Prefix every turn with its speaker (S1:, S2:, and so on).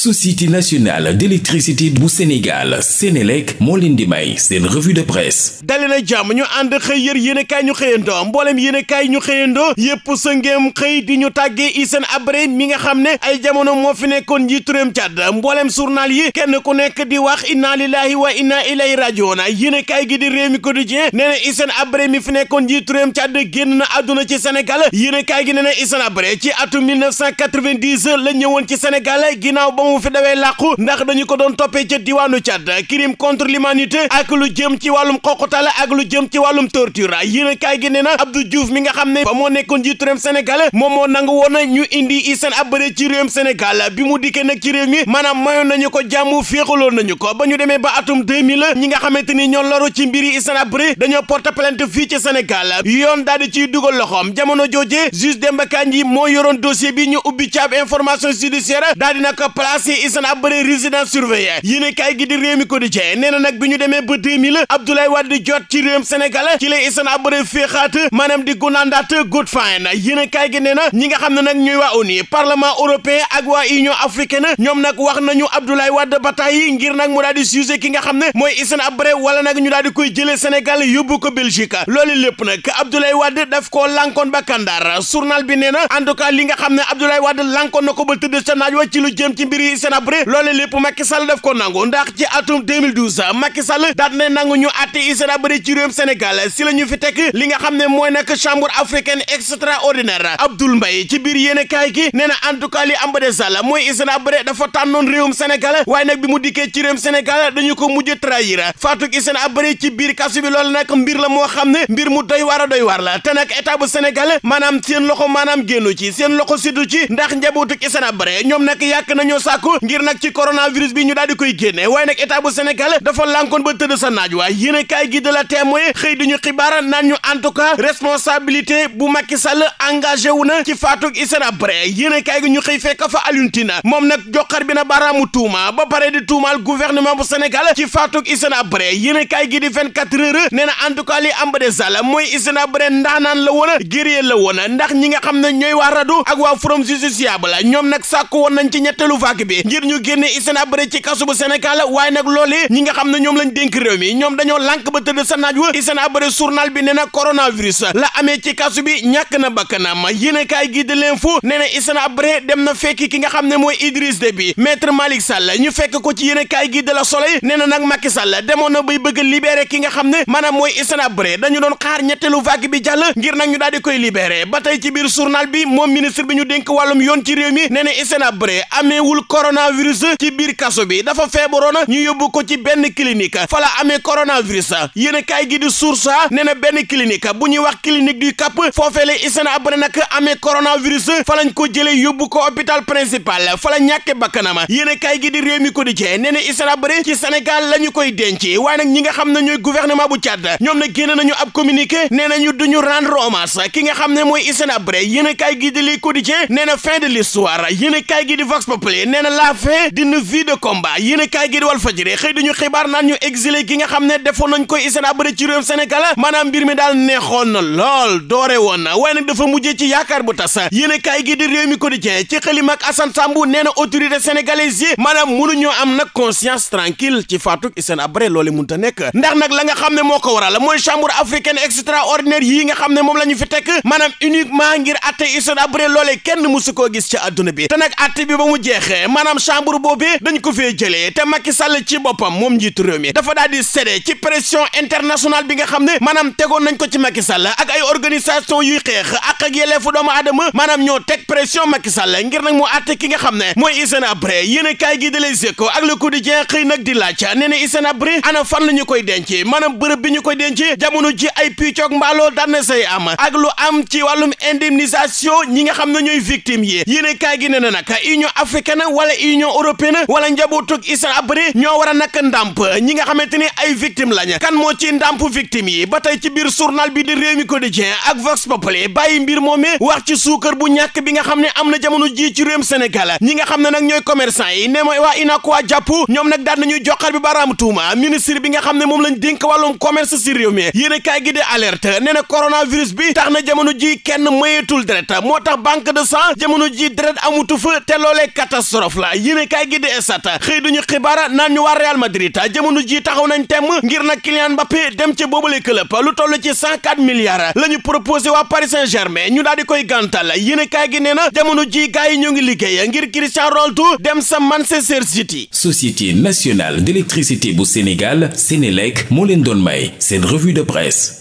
S1: société nationale d'électricité bu Sénégal Sénélec moo leen di may seen revue de presse dali jàmm ñu ànd xëy yër yéen kaay ñu xëyandoo mbooleem yéen kaay ñu xëyandoo yépp sa ngeem xëy di ñu tàggee Hissène Habré mi nga xam ne ay jamono moo fi nekkoon njiitu réewum Tchad mbooleem journal yi kenn ku nekk di wax inna lillahi wa inna ilayhi rajiun yéen gi di Rewmi Quotidien nee na Hissène Habré mi fi nekkoon njiitu réewum Tchad génn na àdduna ci Sénégal yéen gi nee na Hissène Habré ci atum 1990 la ñëwoon ci Sénégal ginnaaw ba ba mu fi dawee làqu ndax dañu ko doon toppee ca diwaanu Tchad crime contre l'humanité ak lu jëm ci wàllum xoqatal ak lu jëm ci wàllum torture yéen kaay gi nee na Abdou Diouf mi nga xam ne ba moo nekkoon jiitu réewum Sénégal moom moo nangu woon ñu indi Hissène Habré ci réewum Sénégal bi mu dikkee nag ci réew mi maanaam mayoon nañu ko jàmm féexaloon nañu ko ba ñu demee ba atum 2000 ñi nga xamante ni ñoo laru ci mbiri Hissène Habré dañoo porte plainte fii ci Sénégal yoon daal di ciy dugal loxoom jamono jooje juge Demba Kandji moo yoroon dossier bi ñu ubbi ci ab information judiciaire daal di ancien ISNA bëre résidence surveillée yéene kaay gi di Rewmi Quotidien nee na nag bi ñu demee ba 2000 Abdoulaye Wade jot ci réewum Sénégal ci la ISNA bëre féexaat maanaam di gunandaat good fine yéene kaay gi nee na ñi nga xam ne nag ñooy waa ONU parlement européen ak waa union africaine ñoom nag wax nañu Abdoulaye Wade bataay yi ngir nag mu daal di sujet ki nga xam ne mooy ISNA bëre wala nag ñu daal di koy jëlee Sénégal yóbbu ko Belgique loolu lépp nag Abdoulaye Wade daf koo lànkoon ba kandaar journal bi en tout cas li nga xam ne Abdoulaye na ko ba tëdd ca naaj wa ci lu di Hissène-Habré loole lépp Macky Sall daf ko nangu ndax ci atum 2012 Macky Sall daat ne nangu ñu àtte Hissène-Habré ci réewum Sénégal si la ñu fi teg li nga xam ne mooy nag chambre africaine extraordinaire Abdoul Mbaye ci biir yéene kaay gi nee na en tout cas li am ba des la mooy Hissène-Habré dafa tànnoon bi mu dikkee ci réewum Sénégal dañu ko mujj trahir faatu Hissène-Habré ci biir kasu bi loolu mbir la moo xam ne mbir mu doy waar a doy waar la te nag état bu Sénégal maanaam seen loxo maanaam génnu ci seen loxo siddu ci ndax njabootu Hissène-Habré ñoom nag sàkku ngir nag ci coronavirus bi ñu daal di koy génne waaye nag état bu Sénégal dafa lànkoon ba tëdd sa naaj waay yéen a kaay gi de la témoin xëy duñu xibaar naan ñu en tout cas responsabilité bu Macky Sall engagé wu na ci faatug Hissène Habré yéen a kaay gi ñu xëy fekk fa Alioune Tine moom nag joxar bi na baaraamu tuuma ba pare di tuumaal gouvernement bu Sénégal ci faatug Hissène Habré yéen a kaay gi di 24 heures nee na en tout cas li am ba de sàll mooy Hissène Habré ndaanaan la ndax ñi nga xam ne ñooy waa RADDHO ak waa Forum Justiciable ñoom nag sàkku nañ ci ñetteelu bi ngir ñu génne Hissène Habré ci kaso bu Sénégal waaye nag loolee ñi nga xam ne ñoom lañ dénk réew mi ñoom dañoo lànk ba tëdd sa naaj wa Hissène Habré journal bi nee na la amee ci kaso bi ñàkk na bakkanam yéene kaay gi de l'info nee na Hissène Habré dem na fekki ki nga xam ne mooy Idriss Déby maître Malick Sall ñu fekk ko ci yéene kaay gi de la Soleil nee na nag Macky Sall demoon na bay bëgg libéré ki nga xam ne ma maanaam mooy Hissène Habré dañu doon xaar ñetteelu vague bi jàll ngir nag ñu daal di koy libéré ba tey ci biir journal bi moom bi ñu dénk wàllum yoon ci mi coronavirus ci biir kaso bi dafa feebaroon ñu yóbbu ko ci benn clinique fa la amee coronavirus yéen a kaay gi di source nee na benn clinique bu ñuy wax clinique du Cap foofee la Hissène Habré nag amee coronavirus fa lañ ko jëlee yóbbu ko hôpital principal fa la ñàkkee bakkanam yéen a kaay gi di réew mi quotidien nee na Hissène Habré ci Sénégal la ñu koy denc waaye nag ñi nga xam ne ñooy gouvernement bu Tchad ñoom nag génn nee nañu duñu ki nga xam ne mooy Hissène Habré yéen a kaay na fin de l'histoire yéen a kaay gi di Vox nee na la fin d'une vie de combat yéen a kaay gi di Walf Fadjri xëy dañu xibaar naan ñu exilé gi nga xam ne defoon nañ koy Hissène Habré ci réewum Sénégal maanaam mbir mi daal neexoon na lool doore woon na waaye nag dafa mujjee ci yaakaar bu tas yéen a kaay gi di Rewmi Quotidien ci xëlim ak Assane Sambou nee na autorité sénégalaise yi maanaam mënuñoo am nag conscience tranquille ci faatuk Hissène Habré mun mënta nekk ndax nag la nga xam ne moo ko waral mooy chambre africaine extraordinaire yi nga xam ne moom la ñu fi tekk maanaam uniquement ngir atte Hissène Habré loolee kenn mësu koo gis ci àdduna bi te nag atte bi ba mu jeexee maanaam chambre boobee dañ ko fee jëlee te Macky Sall ci boppam moom njiitu réew mi dafa daal di séddee ci pression internationale bi nga xam ne maanaam tegoon nañ ko ci Macky Sall ak ay organisation yuy xeex ak ak yelleefu doomu aadama maanaam ñoo teg pression Macky Sall ngir nag mu àtte ki nga xam ne mooy Hissène Habré yéen a kaay gi de Les Échos ak Le Quotidien xëy nag di laaj a nee na Hissène Habré ana fan la ñu koy denc maanaam bërëb bi ñu koy denc jamono ji ay piccoog mbaaloo daan na say am ak lu am ci wàllum indemnisation ñi nga xam ne ñooy victime yi yéen a kaay gi nee na nag wala union européenne wala njabootug Hissène Habré ñoo war a nag ndàmp ñi nga xamante ni ay victime lañ kan moo ci ndàmp victime yi ba tey ci biir journal bi di Rewmi Quotidien ak Vox Populi bàyyi mbir moomee wax ci suukar bu ñàkk bi nga xam ne am na jamono ji ci réewum Sénégal ñi nga xam ne nag ñooy commerçant yi ne mooy waa UNACOIS jàpp ñoom nag daan nañuy joxal bi baaraam tuuma ministre bi nga xam ne moom lañ dénk wàllum commerce si réew mi yéen a kaay gi di alerte nee na coronavirus bi tax na moo tax banque de sang jamono ji deret amutu fa dof la yéene kaay gi di esat xëy duñu xibaara naan ñu waa Real Madrid jamono ji taxaw nañ temm ngir nag Kylian Mbappé dem ci boobale club lu toll ci cent quatre milliards la ñu proposé waa Paris Saint-Germain ñu daal di koy gàntal yéene kaay gi nee na jamono ji gaay yi ñoo ngi liggéey ngir Cristiano Ronaldo dem sa Manchester City. Société nationale d'électricité bu Sénégal Sénélec moo leen doon may seen revue de presse.